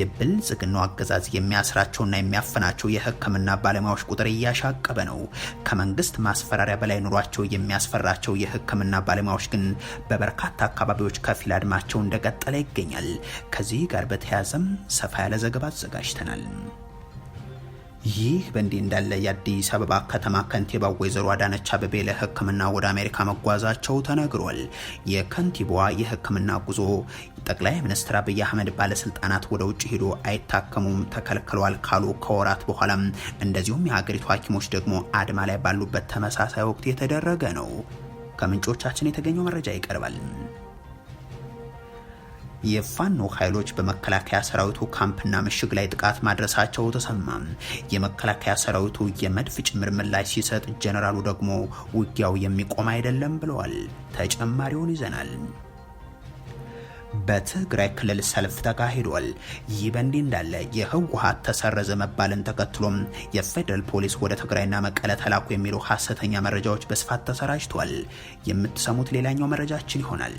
የብልጽግናው አገዛዝ የሚያስራቸውና የሚያፈናቸው የህክምና ባለሙያዎች ቁጥር እያሻቀበ ነው። ከመንግስት ማስፈራሪያ በላይ ኑሯቸው የሚያስፈራቸው የህክምና ባለሙያዎች ግን በበርካታ አካባቢዎች ከፊል አድማቸው እንደቀጠለ ይገኛል። ከዚህ ጋር በተያያዘም ሰፋ ያለ ዘገባ አዘጋጅተናል። ይህ በእንዲህ እንዳለ የአዲስ አበባ ከተማ ከንቲባ ወይዘሮ አዳነች አበቤ ለሕክምና ወደ አሜሪካ መጓዛቸው ተነግሯል። የከንቲባዋ የሕክምና ጉዞ ጠቅላይ ሚኒስትር አብይ አህመድ ባለስልጣናት ወደ ውጭ ሄዶ አይታከሙም ተከልክለዋል ካሉ ከወራት በኋላም እንደዚሁም የሀገሪቱ ሐኪሞች ደግሞ አድማ ላይ ባሉበት ተመሳሳይ ወቅት የተደረገ ነው። ከምንጮቻችን የተገኘው መረጃ ይቀርባል። የፋኖ ኃይሎች በመከላከያ ሰራዊቱ ካምፕና ምሽግ ላይ ጥቃት ማድረሳቸው ተሰማ። የመከላከያ ሰራዊቱ የመድፍ ጭምር ምላሽ ሲሰጥ፣ ጀነራሉ ደግሞ ውጊያው የሚቆም አይደለም ብለዋል። ተጨማሪውን ይዘናል። በትግራይ ክልል ሰልፍ ተካሂዷል። ይህ በእንዲህ እንዳለ የህወሀት ተሰረዘ መባልን ተከትሎም የፌደራል ፖሊስ ወደ ትግራይና መቀለ ተላኩ የሚሉ ሀሰተኛ መረጃዎች በስፋት ተሰራጅቷል። የምትሰሙት ሌላኛው መረጃችን ይሆናል።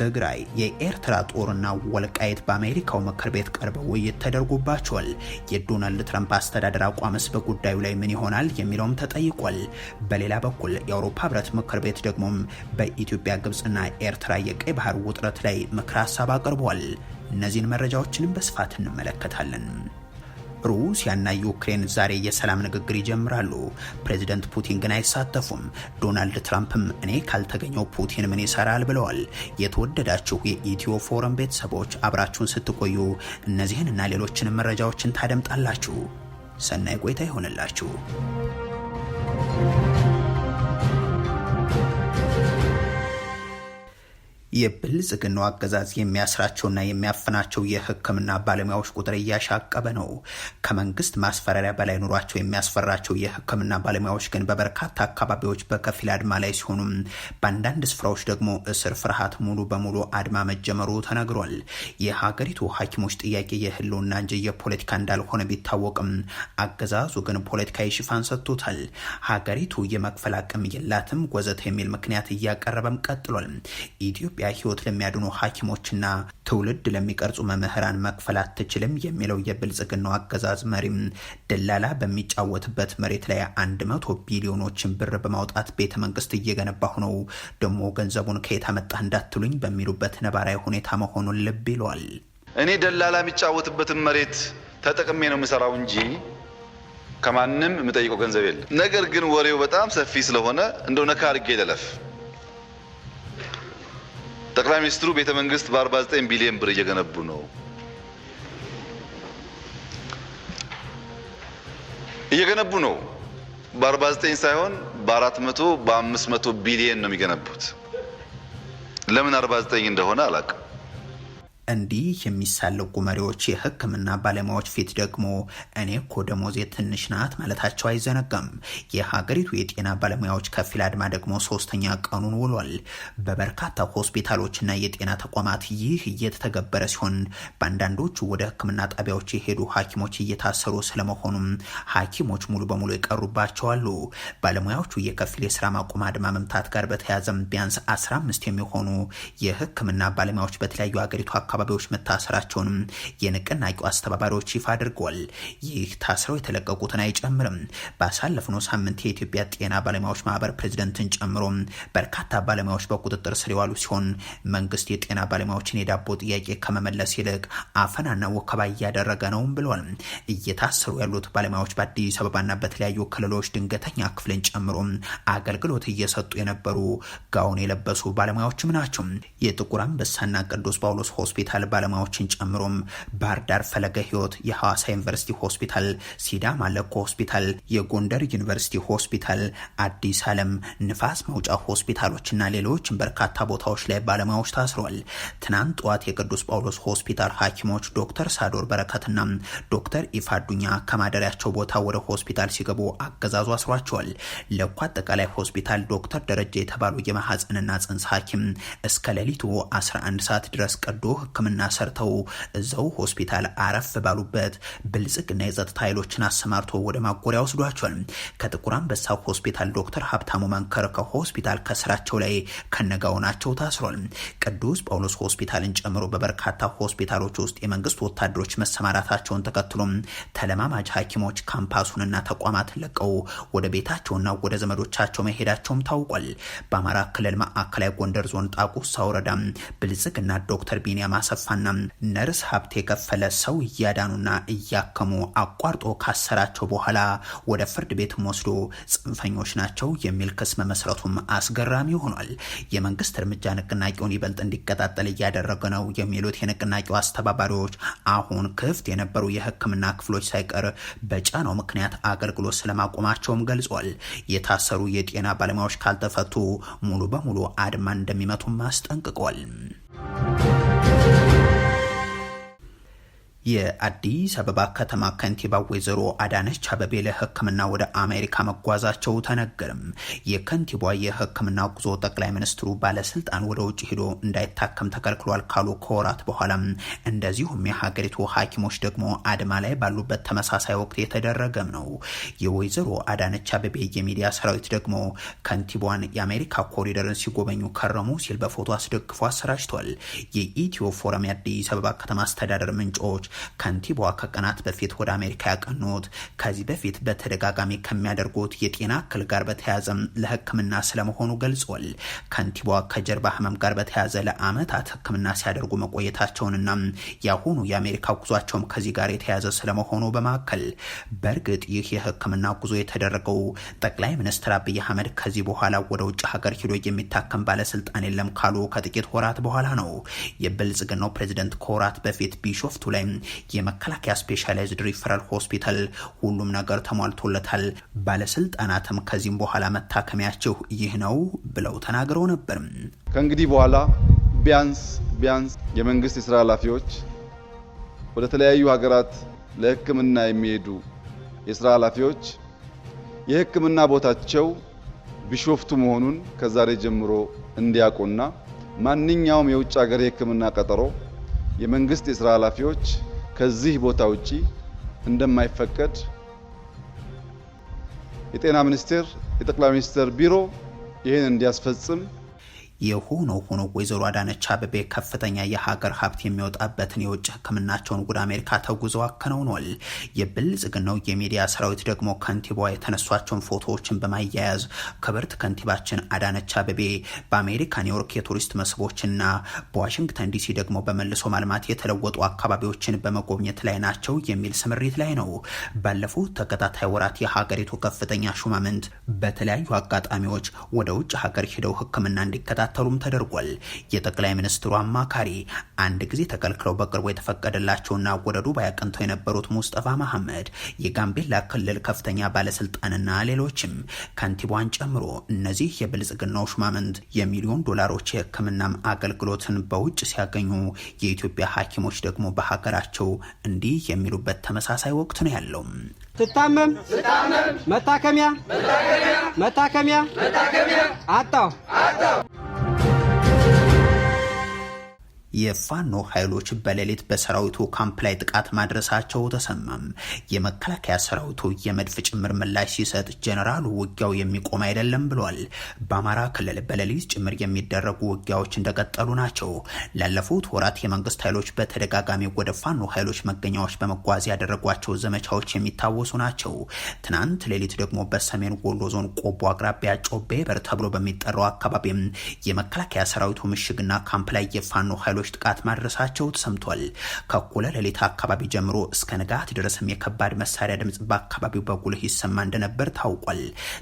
ትግራይ፣ የኤርትራ ጦርና ወልቃይት በአሜሪካው ምክር ቤት ቀርበው ውይይት ተደርጎባቸዋል። የዶናልድ ትራምፕ አስተዳደር አቋምስ በጉዳዩ ላይ ምን ይሆናል የሚለውም ተጠይቋል። በሌላ በኩል የአውሮፓ ህብረት ምክር ቤት ደግሞም በኢትዮጵያ ግብፅና ኤርትራ የቀይ ባህር ውጥረት ላይ ምክር ሀሳብ አቅርቧል። እነዚህን መረጃዎችንም በስፋት እንመለከታለን። ሩሲያና ዩክሬን ዛሬ የሰላም ንግግር ይጀምራሉ። ፕሬዚደንት ፑቲን ግን አይሳተፉም። ዶናልድ ትራምፕም እኔ ካልተገኘው ፑቲን ምን ይሰራል ብለዋል። የተወደዳችሁ የኢትዮ ፎረም ቤተሰቦች አብራችሁን ስትቆዩ እነዚህን እና ሌሎችንም መረጃዎችን ታደምጣላችሁ። ሰናይ ቆይታ ይሆንላችሁ። የብልጽግናው አገዛዝ የሚያስራቸውና የሚያፍናቸው የህክምና ባለሙያዎች ቁጥር እያሻቀበ ነው። ከመንግስት ማስፈራሪያ በላይ ኑሯቸው የሚያስፈራቸው የህክምና ባለሙያዎች ግን በበርካታ አካባቢዎች በከፊል አድማ ላይ ሲሆኑም፣ በአንዳንድ ስፍራዎች ደግሞ እስር ፍርሃት ሙሉ በሙሉ አድማ መጀመሩ ተነግሯል። የሀገሪቱ ሐኪሞች ጥያቄ የህልውና እንጂ የፖለቲካ እንዳልሆነ ቢታወቅም አገዛዙ ግን ፖለቲካዊ ሽፋን ሰጥቶታል። ሀገሪቱ የመክፈል አቅም የላትም ወዘተ የሚል ምክንያት እያቀረበም ቀጥሏል። ኢትዮጵያ ታዲያ ህይወት ለሚያድኑ ሐኪሞችና ትውልድ ለሚቀርጹ መምህራን መክፈል አትችልም የሚለው የብልጽግናው አገዛዝ መሪም ደላላ በሚጫወትበት መሬት ላይ አንድ መቶ ቢሊዮኖችን ብር በማውጣት ቤተ መንግስት እየገነባሁ ነው ደግሞ ገንዘቡን ከየት መጣ እንዳትሉኝ በሚሉበት ነባራዊ ሁኔታ መሆኑን ልብ ይሏል። እኔ ደላላ የሚጫወትበትን መሬት ተጠቅሜ ነው የምሰራው እንጂ ከማንም የምጠይቀው ገንዘብ የለም። ነገር ግን ወሬው በጣም ሰፊ ስለሆነ እንደው ነካ አድርጌ ልለፍ። ጠቅላይ ሚኒስትሩ ቤተ መንግስት በ49 ቢሊዮን ብር እየገነቡ ነው። እየገነቡ ነው። በ49 ሳይሆን በ400 በ500 ቢሊየን ነው የሚገነቡት። ለምን 49 እንደሆነ አላቅም? እንዲህ የሚሳለቁ መሪዎች የህክምና ባለሙያዎች ፊት ደግሞ እኔ እኮ ደሞዜ ትንሽ ናት ማለታቸው አይዘነጋም። የሀገሪቱ የጤና ባለሙያዎች ከፊል አድማ ደግሞ ሶስተኛ ቀኑን ውሏል። በበርካታ ሆስፒታሎችና የጤና ተቋማት ይህ እየተተገበረ ሲሆን በአንዳንዶቹ ወደ ህክምና ጣቢያዎች የሄዱ ሐኪሞች እየታሰሩ ስለመሆኑም ሐኪሞች ሙሉ በሙሉ የቀሩባቸው አሉ። ባለሙያዎቹ የከፊል የስራ ማቆም አድማ መምታት ጋር በተያያዘም ቢያንስ 15 የሚሆኑ የህክምና ባለሙያዎች በተለያዩ ሀገሪቱ አካባቢ አካባቢዎች መታሰራቸውንም የንቅናቄው አስተባባሪዎች ይፋ አድርጓል። ይህ ታስረው የተለቀቁትን አይጨምርም። ባሳለፍነው ሳምንት የኢትዮጵያ ጤና ባለሙያዎች ማህበር ፕሬዚደንትን ጨምሮ በርካታ ባለሙያዎች በቁጥጥር ስር የዋሉ ሲሆን መንግስት የጤና ባለሙያዎችን የዳቦ ጥያቄ ከመመለስ ይልቅ አፈናና ወከባ እያደረገ ነውም ብሏል። እየታሰሩ ያሉት ባለሙያዎች በአዲስ አበባና በተለያዩ ክልሎች ድንገተኛ ክፍልን ጨምሮ አገልግሎት እየሰጡ የነበሩ ጋውን የለበሱ ባለሙያዎችም ናቸው። የጥቁር አንበሳና ቅዱስ ጳውሎስ ሆስፒታል ሆስፒታል ባለሙያዎችን ጨምሮም ባህር ዳር ፈለገ ህይወት የሐዋሳ ዩኒቨርሲቲ ሆስፒታል፣ ሲዳማ ለኮ ሆስፒታል፣ የጎንደር ዩኒቨርሲቲ ሆስፒታል፣ አዲስ ዓለም ንፋስ መውጫ ሆስፒታሎችና ሌሎች በርካታ ቦታዎች ላይ ባለሙያዎች ታስረዋል። ትናንት ጠዋት የቅዱስ ጳውሎስ ሆስፒታል ሐኪሞች ዶክተር ሳዶር በረከትና ዶክተር ኢፋዱኛ ከማደሪያቸው ቦታ ወደ ሆስፒታል ሲገቡ አገዛዙ አስሯቸዋል። ለኮ አጠቃላይ ሆስፒታል ዶክተር ደረጃ የተባሉ የማሐፀንና ጽንስ ሐኪም እስከ ሌሊቱ 11 ሰዓት ድረስ ቀዶ ሕክምና ሰርተው እዛው ሆስፒታል አረፍ ባሉበት ብልጽግና የጸጥታ ኃይሎችን አሰማርቶ ወደ ማጎሪያ ወስዷቸዋል። ከጥቁር አንበሳ ሆስፒታል ዶክተር ሀብታሙ መንከር ከሆስፒታል ከስራቸው ላይ ከነጋውናቸው ታስሯል። ቅዱስ ጳውሎስ ሆስፒታልን ጨምሮ በበርካታ ሆስፒታሎች ውስጥ የመንግስት ወታደሮች መሰማራታቸውን ተከትሎም ተለማማጅ ሐኪሞች ካምፓሱንና ተቋማትን ለቀው ወደ ቤታቸውና ወደ ዘመዶቻቸው መሄዳቸውም ታውቋል። በአማራ ክልል ማዕከላዊ ጎንደር ዞን ጣቁሳ ወረዳ ብልጽግና ዶክተር ቢንያም አሰፋና ነርስ ሀብት የከፈለ ሰው እያዳኑና እያከሙ አቋርጦ ካሰራቸው በኋላ ወደ ፍርድ ቤትም ወስዶ ጽንፈኞች ናቸው የሚል ክስ መመስረቱም አስገራሚ ሆኗል። የመንግስት እርምጃ ንቅናቄውን ይበልጥ እንዲቀጣጠል እያደረገ ነው የሚሉት የንቅናቄው አስተባባሪዎች አሁን ክፍት የነበሩ የሕክምና ክፍሎች ሳይቀር በጫናው ምክንያት አገልግሎት ስለማቆማቸውም ገልጿል። የታሰሩ የጤና ባለሙያዎች ካልተፈቱ ሙሉ በሙሉ አድማ እንደሚመቱም አስጠንቅቋል። የአዲስ አበባ ከተማ ከንቲባ ወይዘሮ አዳነች አበቤ ለሕክምና ወደ አሜሪካ መጓዛቸው ተነገርም። የከንቲባ የሕክምና ጉዞ ጠቅላይ ሚኒስትሩ ባለስልጣን ወደ ውጭ ሄዶ እንዳይታከም ተከልክሏል ካሉ ከወራት በኋላም እንደዚሁም የሀገሪቱ ሐኪሞች ደግሞ አድማ ላይ ባሉበት ተመሳሳይ ወቅት የተደረገም ነው። የወይዘሮ አዳነች አበቤ የሚዲያ ሰራዊት ደግሞ ከንቲቧን የአሜሪካ ኮሪደርን ሲጎበኙ ከረሙ ሲል በፎቶ አስደግፎ አሰራጅቷል። የኢትዮ ፎረም የአዲስ አበባ ከተማ አስተዳደር ምንጮች ከንቲባዋ ከቀናት በፊት ወደ አሜሪካ ያቀኑት ከዚህ በፊት በተደጋጋሚ ከሚያደርጉት የጤና እክል ጋር በተያያዘም ለሕክምና ስለመሆኑ ገልጿል። ከንቲባዋ ከጀርባ ህመም ጋር በተያያዘ ለአመታት ሕክምና ሲያደርጉ መቆየታቸውንና ያሁኑ የአሜሪካ ጉዟቸውም ከዚህ ጋር የተያያዘ ስለመሆኑ በማከል በእርግጥ ይህ የሕክምና ጉዞ የተደረገው ጠቅላይ ሚኒስትር አብይ አህመድ ከዚህ በኋላ ወደ ውጭ ሀገር ሂዶ የሚታከም ባለስልጣን የለም ካሉ ከጥቂት ወራት በኋላ ነው። የብልጽግናው ፕሬዚደንት ከወራት በፊት ቢሾፍቱ ላይ የመከላከያ ስፔሻላይዝድ ሪፈራል ሆስፒታል ሁሉም ነገር ተሟልቶለታል። ባለስልጣናትም ከዚህም በኋላ መታከሚያቸው ይህ ነው ብለው ተናግረው ነበር። ከእንግዲህ በኋላ ቢያንስ ቢያንስ የመንግስት የስራ ኃላፊዎች ወደ ተለያዩ ሀገራት ለህክምና የሚሄዱ የስራ ኃላፊዎች የህክምና ቦታቸው ቢሾፍቱ መሆኑን ከዛሬ ጀምሮ እንዲያውቁና ማንኛውም የውጭ ሀገር የህክምና ቀጠሮ የመንግስት የስራ ኃላፊዎች ከዚህ ቦታ ውጪ እንደማይፈቀድ የጤና ሚኒስቴር የጠቅላይ ሚኒስትር ቢሮ ይህን እንዲያስፈጽም የሆኖ ሆኖ ወይዘሮ አዳነች አበቤ ከፍተኛ የሀገር ሀብት የሚወጣበትን የውጭ ሕክምናቸውን ወደ አሜሪካ ተጉዘው አከናውኗል። የብልጽግናው የሚዲያ ሰራዊት ደግሞ ከንቲባዋ የተነሷቸውን ፎቶዎችን በማያያዝ ክብርት ከንቲባችን አዳነች አበቤ በአሜሪካ ኒውዮርክ የቱሪስት መስህቦችና በዋሽንግተን ዲሲ ደግሞ በመልሶ ማልማት የተለወጡ አካባቢዎችን በመጎብኘት ላይ ናቸው የሚል ስምሪት ላይ ነው። ባለፉት ተከታታይ ወራት የሀገሪቱ ከፍተኛ ሹማምንት በተለያዩ አጋጣሚዎች ወደ ውጭ ሀገር ሄደው ሕክምና እንዲከታ እንዲከታተሉም ተደርጓል። የጠቅላይ ሚኒስትሩ አማካሪ አንድ ጊዜ ተከልክለው በቅርቡ የተፈቀደላቸውና ወደ ዱባይ አቅንተው የነበሩት ሙስጠፋ መሐመድ የጋምቤላ ክልል ከፍተኛ ባለስልጣንና ሌሎችም ከንቲቧን ጨምሮ እነዚህ የብልጽግናው ሹማምንት የሚሊዮን ዶላሮች የህክምናም አገልግሎትን በውጭ ሲያገኙ የኢትዮጵያ ሐኪሞች ደግሞ በሀገራቸው እንዲህ የሚሉበት ተመሳሳይ ወቅት ነው ያለው። ስታመም መታከሚያ መታከሚያ መታከሚያ አጣው አጣው። የፋኖ ኃይሎች በሌሊት በሰራዊቱ ካምፕ ላይ ጥቃት ማድረሳቸው ተሰማም። የመከላከያ ሰራዊቱ የመድፍ ጭምር ምላሽ ሲሰጥ ጀነራሉ ውጊያው የሚቆም አይደለም ብሏል። በአማራ ክልል በሌሊት ጭምር የሚደረጉ ውጊያዎች እንደቀጠሉ ናቸው። ላለፉት ወራት የመንግስት ኃይሎች በተደጋጋሚ ወደ ፋኖ ኃይሎች መገኛዎች በመጓዝ ያደረጓቸው ዘመቻዎች የሚታወሱ ናቸው። ትናንት ሌሊት ደግሞ በሰሜን ወሎ ዞን ቆቦ አቅራቢያ ጮቤ በር ተብሎ በሚጠራው አካባቢም የመከላከያ ሰራዊቱ ምሽግና ካምፕ ላይ የፋኖ ኃይሎች ኃይሎች ጥቃት ማድረሳቸው ተሰምቷል። ከኩለ ሌሊት አካባቢ ጀምሮ እስከ ንጋት ድረስም የከባድ መሳሪያ ድምጽ በአካባቢው በጉልህ ይሰማ እንደነበር ታውቋል።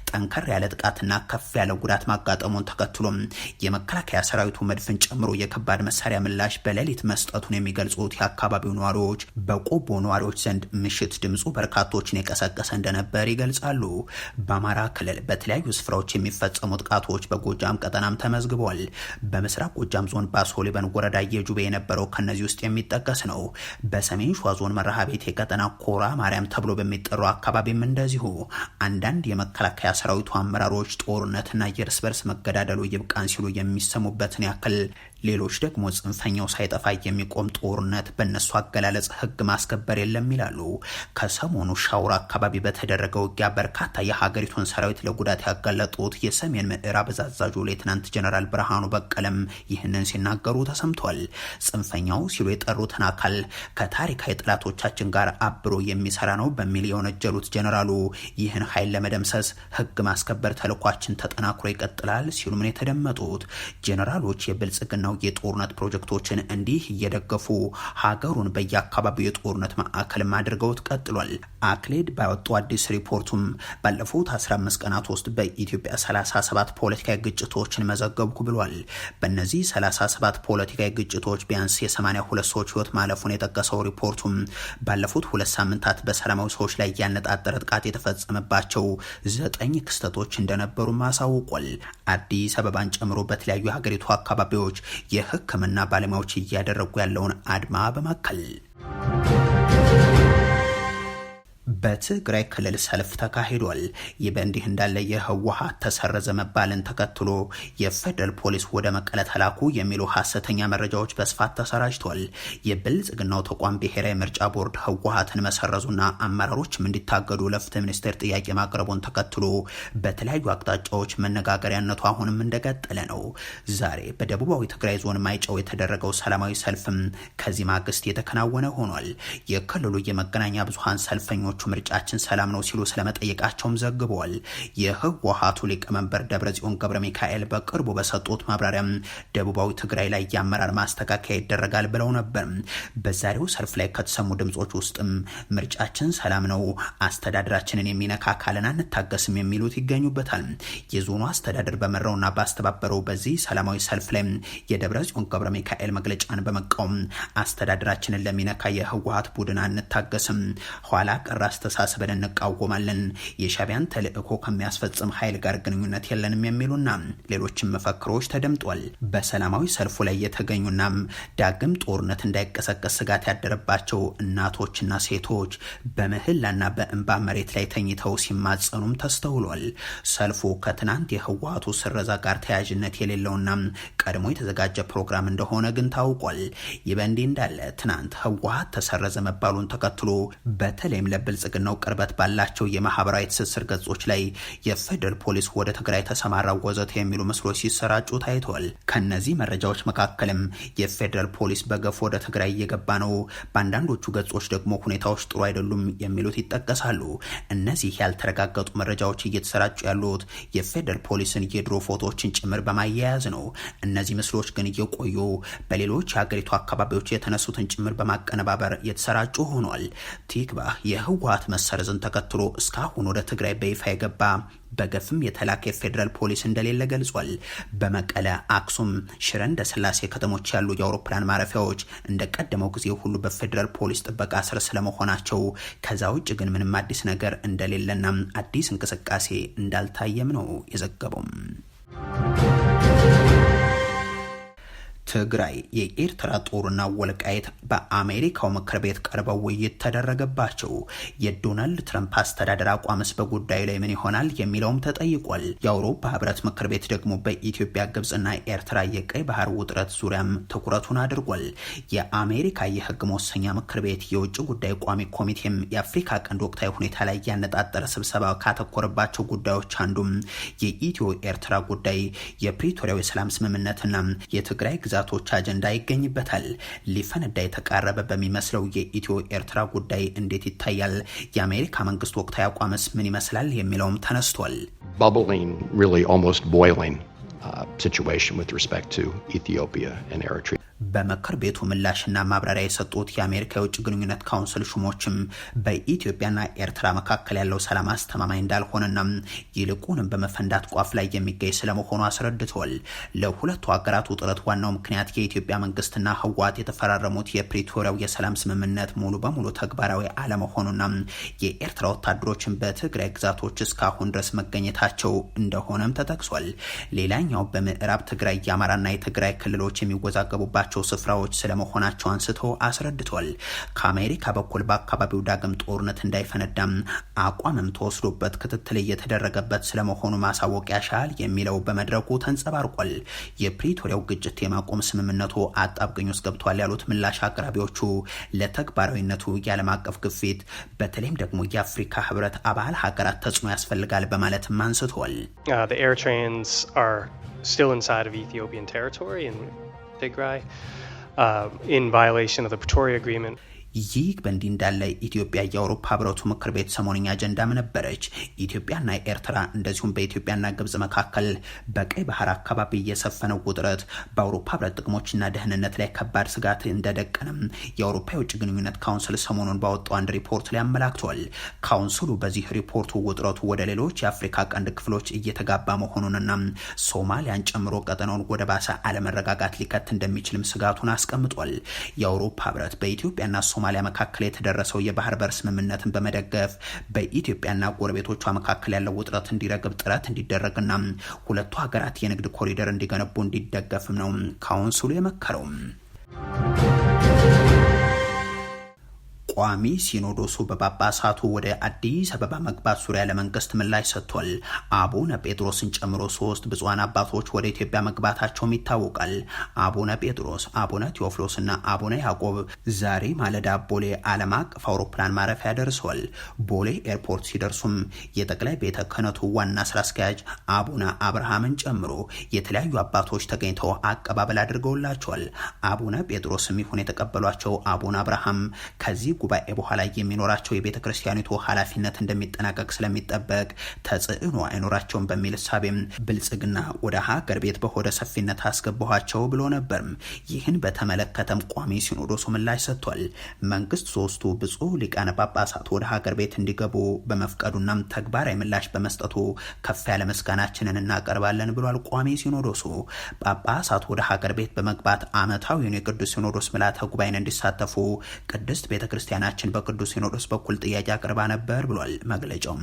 ጠንከር ያለ ጥቃትና ከፍ ያለ ጉዳት ማጋጠሙን ተከትሎም የመከላከያ ሰራዊቱ መድፍን ጨምሮ የከባድ መሳሪያ ምላሽ በሌሊት መስጠቱን የሚገልጹት የአካባቢው ነዋሪዎች በቆቦ ነዋሪዎች ዘንድ ምሽት ድምፁ በርካቶችን የቀሰቀሰ እንደነበር ይገልጻሉ። በአማራ ክልል በተለያዩ ስፍራዎች የሚፈጸሙ ጥቃቶች በጎጃም ቀጠናም ተመዝግበዋል። በምስራቅ ጎጃም ዞን ባሶሊበን ወረዳ ጁቤ የነበረው ከነዚህ ውስጥ የሚጠቀስ ነው። በሰሜን ሸዋ ዞን መርሃ የቀጠና ኮራ ማርያም ተብሎ በሚጠራው አካባቢም እንደዚሁ አንዳንድ የመከላከያ ሰራዊቱ አመራሮች ጦርነትና የእርስ በርስ መገዳደሉ ይብቃን ሲሉ የሚሰሙበትን ያክል ሌሎች ደግሞ ጽንፈኛው ሳይጠፋ የሚቆም ጦርነት በእነሱ አገላለጽ ህግ ማስከበር የለም ይላሉ። ከሰሞኑ ሻውራ አካባቢ በተደረገ ውጊያ በርካታ የሀገሪቱን ሰራዊት ለጉዳት ያጋለጡት የሰሜን ምዕራብ እዝ አዛዡ ሌትናንት ጀነራል ብርሃኑ በቀለም ይህንን ሲናገሩ ተሰምቷል። ጽንፈኛው ሲሉ የጠሩትን አካል ከታሪካዊ ጠላቶቻችን ጋር አብሮ የሚሰራ ነው በሚል የወነጀሉት ጀነራሉ ይህን ኃይል ለመደምሰስ ህግ ማስከበር ተልኳችን ተጠናክሮ ይቀጥላል ሲሉም ነው የተደመጡት። ጀነራሎች የብልጽግና ነው የጦርነት ፕሮጀክቶችን እንዲህ እየደገፉ ሀገሩን በየአካባቢው የጦርነት ማዕከልም አድርገውት ቀጥሏል። አክሌድ ባወጡ አዲስ ሪፖርቱም ባለፉት 15 ቀናት ውስጥ በኢትዮጵያ 37 ፖለቲካዊ ግጭቶችን መዘገብኩ ብሏል። በእነዚህ 37 ፖለቲካዊ ግጭቶች ቢያንስ የ82 ሰዎች ህይወት ማለፉን የጠቀሰው ሪፖርቱም ባለፉት ሁለት ሳምንታት በሰላማዊ ሰዎች ላይ ያነጣጠረ ጥቃት የተፈጸመባቸው ዘጠኝ ክስተቶች እንደነበሩም አሳውቋል። አዲስ አበባን ጨምሮ በተለያዩ የሀገሪቱ አካባቢዎች የሕክምና ባለሙያዎች እያደረጉ ያለውን አድማ በማከል በትግራይ ክልል ሰልፍ ተካሂዷል። ይህ በእንዲህ እንዳለ የህወሀት ተሰረዘ መባልን ተከትሎ የፌደራል ፖሊስ ወደ መቀለ ተላኩ የሚሉ ሀሰተኛ መረጃዎች በስፋት ተሰራጅቷል። የብልጽግናው ተቋም ብሔራዊ ምርጫ ቦርድ ህወሀትን መሰረዙና አመራሮችም እንዲታገዱ ለፍትህ ሚኒስቴር ጥያቄ ማቅረቡን ተከትሎ በተለያዩ አቅጣጫዎች መነጋገሪያነቱ አሁንም እንደቀጠለ ነው። ዛሬ በደቡባዊ ትግራይ ዞን ማይጨው የተደረገው ሰላማዊ ሰልፍም ከዚህ ማግስት የተከናወነ ሆኗል። የክልሉ የመገናኛ ብዙሀን ሰልፈኞች አብዛኞቹ ምርጫችን ሰላም ነው ሲሉ ስለመጠየቃቸውም ዘግበዋል። የህወሀቱ ሊቀመንበር ደብረጽዮን ገብረ ሚካኤል በቅርቡ በሰጡት ማብራሪያም ደቡባዊ ትግራይ ላይ የአመራር ማስተካከያ ይደረጋል ብለው ነበር። በዛሬው ሰልፍ ላይ ከተሰሙ ድምጾች ውስጥም ምርጫችን ሰላም ነው፣ አስተዳደራችንን የሚነካ አካልን አንታገስም የሚሉት ይገኙበታል። የዞኑ አስተዳደር በመራውና ባስተባበረው በዚህ ሰላማዊ ሰልፍ ላይ የደብረ ገብረ ሚካኤል መግለጫን በመቃወም አስተዳደራችንን ለሚነካ የህወሀት ቡድን አንታገስም፣ ኋላ ቀር አስተሳሰብን እንቃወማለን፣ የሻቢያን ተልእኮ ከሚያስፈጽም ኃይል ጋር ግንኙነት የለንም የሚሉና ሌሎችም መፈክሮች ተደምጧል። በሰላማዊ ሰልፉ ላይ የተገኙና ዳግም ጦርነት እንዳይቀሰቀስ ስጋት ያደረባቸው እናቶችና ሴቶች በምህላና በእንባ መሬት ላይ ተኝተው ሲማጸኑም ተስተውሏል። ሰልፉ ከትናንት የህወሀቱ ስረዛ ጋር ተያያዥነት የሌለውና ቀድሞ የተዘጋጀ ፕሮግራም እንደሆነ ግን ታውቋል። ይህ በእንዲህ እንዳለ ትናንት ህወሀት ተሰረዘ መባሉን ተከትሎ በተለይም ለብል የብልጽግናው ቅርበት ባላቸው የማህበራዊ ትስስር ገጾች ላይ የፌደራል ፖሊስ ወደ ትግራይ ተሰማራው ወዘተ የሚሉ ምስሎች ሲሰራጩ ታይተዋል። ከነዚህ መረጃዎች መካከልም የፌደራል ፖሊስ በገፍ ወደ ትግራይ እየገባ ነው፣ በአንዳንዶቹ ገጾች ደግሞ ሁኔታዎች ጥሩ አይደሉም የሚሉት ይጠቀሳሉ። እነዚህ ያልተረጋገጡ መረጃዎች እየተሰራጩ ያሉት የፌደራል ፖሊስን የድሮ ፎቶዎችን ጭምር በማያያዝ ነው። እነዚህ ምስሎች ግን እየቆዩ በሌሎች የሀገሪቱ አካባቢዎች የተነሱትን ጭምር በማቀነባበር የተሰራጩ ሆኗል። ቲክባ የህወ ህወሓት መሰረዝን ተከትሎ እስካሁን ወደ ትግራይ በይፋ የገባ በገፍም የተላከ የፌዴራል ፖሊስ እንደሌለ ገልጿል። በመቀለ፣ አክሱም፣ ሽረ ስላሴ ከተሞች ያሉ የአውሮፕላን ማረፊያዎች እንደ ቀደመው ጊዜ ሁሉ በፌዴራል ፖሊስ ጥበቃ ስር ስለመሆናቸው ከዛ ውጭ ግን ምንም አዲስ ነገር እንደሌለና አዲስ እንቅስቃሴ እንዳልታየም ነው የዘገበው። ትግራይ የኤርትራ ጦርና ወልቃይት በአሜሪካው ምክር ቤት ቀርበው ውይይት ተደረገባቸው። የዶናልድ ትራምፕ አስተዳደር አቋምስ በጉዳዩ ላይ ምን ይሆናል የሚለውም ተጠይቋል። የአውሮፓ ህብረት ምክር ቤት ደግሞ በኢትዮጵያ ግብጽና ኤርትራ የቀይ ባህር ውጥረት ዙሪያም ትኩረቱን አድርጓል። የአሜሪካ የህግ መወሰኛ ምክር ቤት የውጭ ጉዳይ ቋሚ ኮሚቴም የአፍሪካ ቀንድ ወቅታዊ ሁኔታ ላይ ያነጣጠረ ስብሰባ ካተኮረባቸው ጉዳዮች አንዱም የኢትዮ ኤርትራ ጉዳይ የፕሪቶሪያው የሰላም ስምምነትና የትግራይ ግዛ ግዛቶች አጀንዳ ይገኝበታል። ሊፈነዳ የተቃረበ በሚመስለው የኢትዮ ኤርትራ ጉዳይ እንዴት ይታያል? የአሜሪካ መንግስት ወቅታዊ አቋምስ ምን ይመስላል? የሚለውም ተነስቷል። በምክር ቤቱ ምላሽና ማብራሪያ የሰጡት የአሜሪካ የውጭ ግንኙነት ካውንስል ሹሞችም በኢትዮጵያና ኤርትራ መካከል ያለው ሰላም አስተማማኝ እንዳልሆነና ይልቁንም በመፈንዳት ቋፍ ላይ የሚገኝ ስለመሆኑ አስረድተዋል። ለሁለቱ ሀገራት ውጥረት ዋናው ምክንያት የኢትዮጵያ መንግስትና ህወሓት የተፈራረሙት የፕሪቶሪያው የሰላም ስምምነት ሙሉ በሙሉ ተግባራዊ አለመሆኑና የኤርትራ ወታደሮችን በትግራይ ግዛቶች እስካሁን ድረስ መገኘታቸው እንደሆነም ተጠቅሷል። ሌላኛው በምዕራብ ትግራይ የአማራና የትግራይ ክልሎች የሚወዛገቡባቸው ያለባቸው ስፍራዎች ስለመሆናቸው አንስቶ አስረድቷል። ከአሜሪካ በኩል በአካባቢው ዳግም ጦርነት እንዳይፈነዳም አቋምም ተወስዶበት ክትትል እየተደረገበት ስለመሆኑ ማሳወቅ ያሻል የሚለው በመድረኩ ተንጸባርቋል። የፕሪቶሪያው ግጭት የማቆም ስምምነቱ አጣብቅኝ ውስጥ ገብቷል ያሉት ምላሽ አቅራቢዎቹ ለተግባራዊነቱ የዓለም አቀፍ ግፊት በተለይም ደግሞ የአፍሪካ ህብረት አባል ሀገራት ተጽዕኖ ያስፈልጋል በማለትም አንስተዋል። uh, Tigray um, uh, in violation of the Pretoria Agreement. ይህ በእንዲህ እንዳለ ኢትዮጵያ የአውሮፓ ህብረቱ ምክር ቤት ሰሞንኛ አጀንዳም ነበረች። ኢትዮጵያና ኤርትራ እንደዚሁም በኢትዮጵያና ግብጽ መካከል በቀይ ባህር አካባቢ እየሰፈነው ውጥረት በአውሮፓ ህብረት ጥቅሞችና ደህንነት ላይ ከባድ ስጋት እንደደቀነም የአውሮፓ የውጭ ግንኙነት ካውንስል ሰሞኑን ባወጣው አንድ ሪፖርት ላይ አመላክቷል። ካውንስሉ በዚህ ሪፖርቱ ውጥረቱ ወደ ሌሎች የአፍሪካ ቀንድ ክፍሎች እየተጋባ መሆኑንና ሶማሊያን ጨምሮ ቀጠናውን ወደ ባሰ አለመረጋጋት ሊከት እንደሚችልም ስጋቱን አስቀምጧል። የአውሮፓ ህብረት በኢትዮጵያና ሶማሊያ መካከል የተደረሰው የባህር በር ስምምነትን በመደገፍ በኢትዮጵያና ጎረቤቶቿ መካከል ያለው ውጥረት እንዲረግብ ጥረት እንዲደረግና ሁለቱ ሀገራት የንግድ ኮሪደር እንዲገነቡ እንዲደገፍም ነው ካውንስሉ የመከረው። ቋሚ ሲኖዶሱ በጳጳሳቱ ወደ አዲስ አበባ መግባት ዙሪያ ለመንግስት ምላሽ ሰጥቷል። አቡነ ጴጥሮስን ጨምሮ ሶስት ብፁዓን አባቶች ወደ ኢትዮጵያ መግባታቸውም ይታወቃል። አቡነ ጴጥሮስ፣ አቡነ ቴዎፍሎስና አቡነ ያዕቆብ ዛሬ ማለዳ ቦሌ ዓለም አቀፍ አውሮፕላን ማረፊያ ደርሰዋል። ቦሌ ኤርፖርት ሲደርሱም የጠቅላይ ቤተ ክህነቱ ዋና ስራ አስኪያጅ አቡነ አብርሃምን ጨምሮ የተለያዩ አባቶች ተገኝተው አቀባበል አድርገውላቸዋል። አቡነ ጴጥሮስም ይሁን የተቀበሏቸው አቡነ አብርሃም ከዚህ ጉባኤ በኋላ የሚኖራቸው የቤተ ክርስቲያኒቱ ኃላፊነት እንደሚጠናቀቅ ስለሚጠበቅ ተጽዕኖ አይኖራቸውም በሚል እሳቤም ብልጽግና ወደ ሀገር ቤት በሆደ ሰፊነት አስገባኋቸው ብሎ ነበርም። ይህን በተመለከተም ቋሚ ሲኖዶሱ ምላሽ ሰጥቷል። መንግስት ሶስቱ ብፁዕ ሊቃነ ጳጳሳት ወደ ሀገር ቤት እንዲገቡ በመፍቀዱናም ተግባራዊ ምላሽ በመስጠቱ ከፍ ያለ ምስጋናችንን እናቀርባለን ብሏል። ቋሚ ሲኖዶሱ ጳጳሳት ወደ ሀገር ቤት በመግባት ዓመታዊውን የቅዱስ ሲኖዶስ ምልዓተ ጉባኤን እንዲሳተፉ ቅድስት ቤተክርስቲያን ቤተክርስቲያናችን በቅዱስ ሲኖዶስ በኩል ጥያቄ አቅርባ ነበር ብሏል መግለጫው።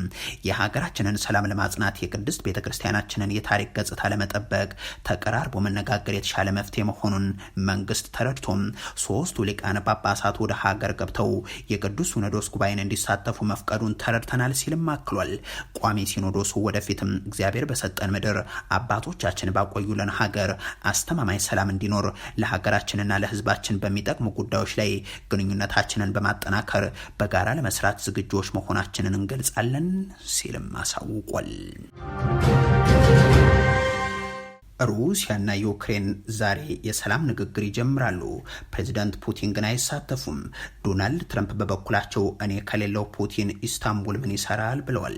የሀገራችንን ሰላም ለማጽናት የቅድስት ቤተክርስቲያናችንን የታሪክ ገጽታ ለመጠበቅ ተቀራርቦ መነጋገር የተሻለ መፍትሄ መሆኑን መንግስት ተረድቶም ሶስቱ ሊቃነ ጳጳሳት ወደ ሀገር ገብተው የቅዱስ ሲኖዶስ ጉባኤን እንዲሳተፉ መፍቀዱን ተረድተናል ሲልም አክሏል። ቋሚ ሲኖዶሱ ወደፊትም እግዚአብሔር በሰጠን ምድር አባቶቻችን ባቆዩለን ሀገር አስተማማኝ ሰላም እንዲኖር ለሀገራችንና ለህዝባችን በሚጠቅሙ ጉዳዮች ላይ ግንኙነታችንን በማጣ ለማጠናከር በጋራ ለመስራት ዝግጆች መሆናችንን እንገልጻለን ሲልም አሳውቋል። ሩሲያና ዩክሬን ዛሬ የሰላም ንግግር ይጀምራሉ። ፕሬዚዳንት ፑቲን ግን አይሳተፉም። ዶናልድ ትራምፕ በበኩላቸው እኔ ከሌለው ፑቲን ኢስታንቡል ምን ይሰራል ብለዋል።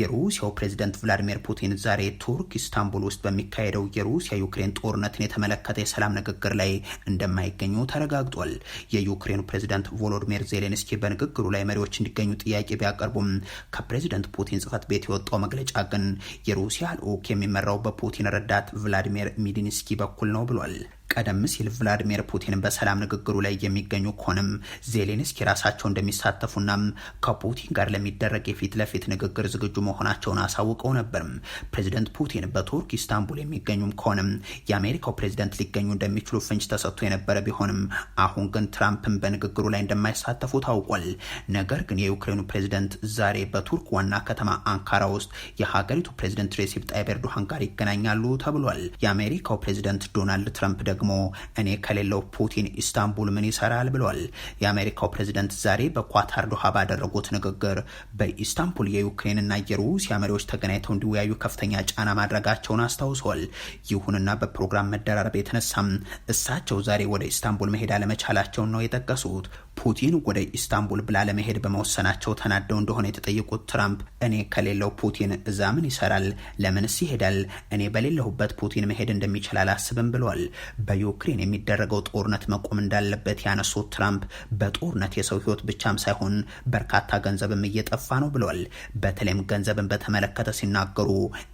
የሩሲያው ፕሬዚዳንት ቭላዲሚር ፑቲን ዛሬ ቱርክ ኢስታንቡል ውስጥ በሚካሄደው የሩሲያ ዩክሬን ጦርነትን የተመለከተ የሰላም ንግግር ላይ እንደማይገኙ ተረጋግጧል። የዩክሬኑ ፕሬዚዳንት ቮሎዲሚር ዜሌንስኪ በንግግሩ ላይ መሪዎች እንዲገኙ ጥያቄ ቢያቀርቡም ከፕሬዚዳንት ፑቲን ጽህፈት ቤት የወጣው መግለጫ ግን የሩሲያ ልዑክ የሚመራው በፑቲን ረዳት ቭላዲሚር ሚዲንስኪ በኩል ነው ብሏል። ቀደም ሲል ቭላዲሚር ፑቲን በሰላም ንግግሩ ላይ የሚገኙ ከሆንም ዜሌንስኪ ራሳቸው እንደሚሳተፉና ከፑቲን ጋር ለሚደረግ የፊት ለፊት ንግግር ዝግጁ መሆናቸውን አሳውቀው ነበርም። ፕሬዚደንት ፑቲን በቱርክ ኢስታንቡል የሚገኙም ከሆንም የአሜሪካው ፕሬዚደንት ሊገኙ እንደሚችሉ ፍንጭ ተሰጥቶ የነበረ ቢሆንም አሁን ግን ትራምፕን በንግግሩ ላይ እንደማይሳተፉ ታውቋል። ነገር ግን የዩክሬኑ ፕሬዚደንት ዛሬ በቱርክ ዋና ከተማ አንካራ ውስጥ የሀገሪቱ ፕሬዚደንት ሬሲፕ ጣይብ ኤርዶሃን ጋር ይገናኛሉ ተብሏል። የአሜሪካው ፕሬዚደንት ዶናልድ ትራምፕ ደግሞ እኔ ከሌለው ፑቲን ኢስታንቡል ምን ይሰራል ብሏል። የአሜሪካው ፕሬዝደንት ዛሬ በኳታር ዶሃ ባደረጉት ንግግር በኢስታንቡል የዩክሬንና የሩሲያ መሪዎች ተገናኝተው እንዲወያዩ ከፍተኛ ጫና ማድረጋቸውን አስታውሷል። ይሁንና በፕሮግራም መደራረብ የተነሳም እሳቸው ዛሬ ወደ ኢስታንቡል መሄድ አለመቻላቸውን ነው የጠቀሱት። ፑቲን ወደ ኢስታንቡል ብላ ለመሄድ በመወሰናቸው ተናደው እንደሆነ የተጠየቁት ትራምፕ እኔ ከሌለው ፑቲን እዛ ምን ይሰራል? ለምንስ ይሄዳል? እኔ በሌለሁበት ፑቲን መሄድ እንደሚችል አላስብም ብለዋል። በዩክሬን የሚደረገው ጦርነት መቆም እንዳለበት ያነሱት ትራምፕ በጦርነት የሰው ሕይወት ብቻም ሳይሆን በርካታ ገንዘብም እየጠፋ ነው ብለዋል። በተለይም ገንዘብን በተመለከተ ሲናገሩ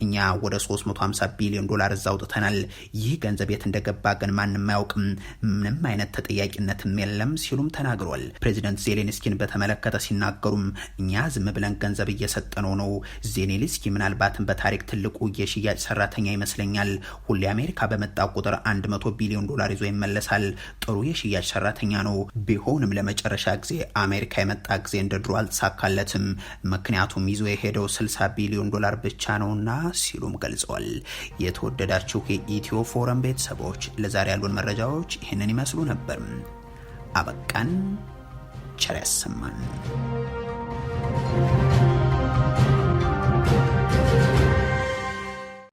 እኛ ወደ 350 ቢሊዮን ዶላር እዛ አውጥተናል። ይህ ገንዘብ የት እንደገባ ግን ማንም አያውቅም። ምንም አይነት ተጠያቂነትም የለም ሲሉም ተናግረዋል። ተብሏል። ፕሬዚደንት ዜሌንስኪን በተመለከተ ሲናገሩም እኛ ዝም ብለን ገንዘብ እየሰጠነው ነው። ዜሌንስኪ ምናልባትም በታሪክ ትልቁ የሽያጭ ሰራተኛ ይመስለኛል። ሁሌ አሜሪካ በመጣ ቁጥር 100 ቢሊዮን ዶላር ይዞ ይመለሳል። ጥሩ የሽያጭ ሰራተኛ ነው። ቢሆንም ለመጨረሻ ጊዜ አሜሪካ የመጣ ጊዜ እንደ ድሮ አልተሳካለትም። ምክንያቱም ይዞ የሄደው 60 ቢሊዮን ዶላር ብቻ ነውና ሲሉም ገልጸዋል። የተወደዳችሁ የኢትዮ ፎረም ቤተሰቦች ለዛሬ ያሉን መረጃዎች ይህንን ይመስሉ ነበር። አበቃን። ቸር ያሰማን።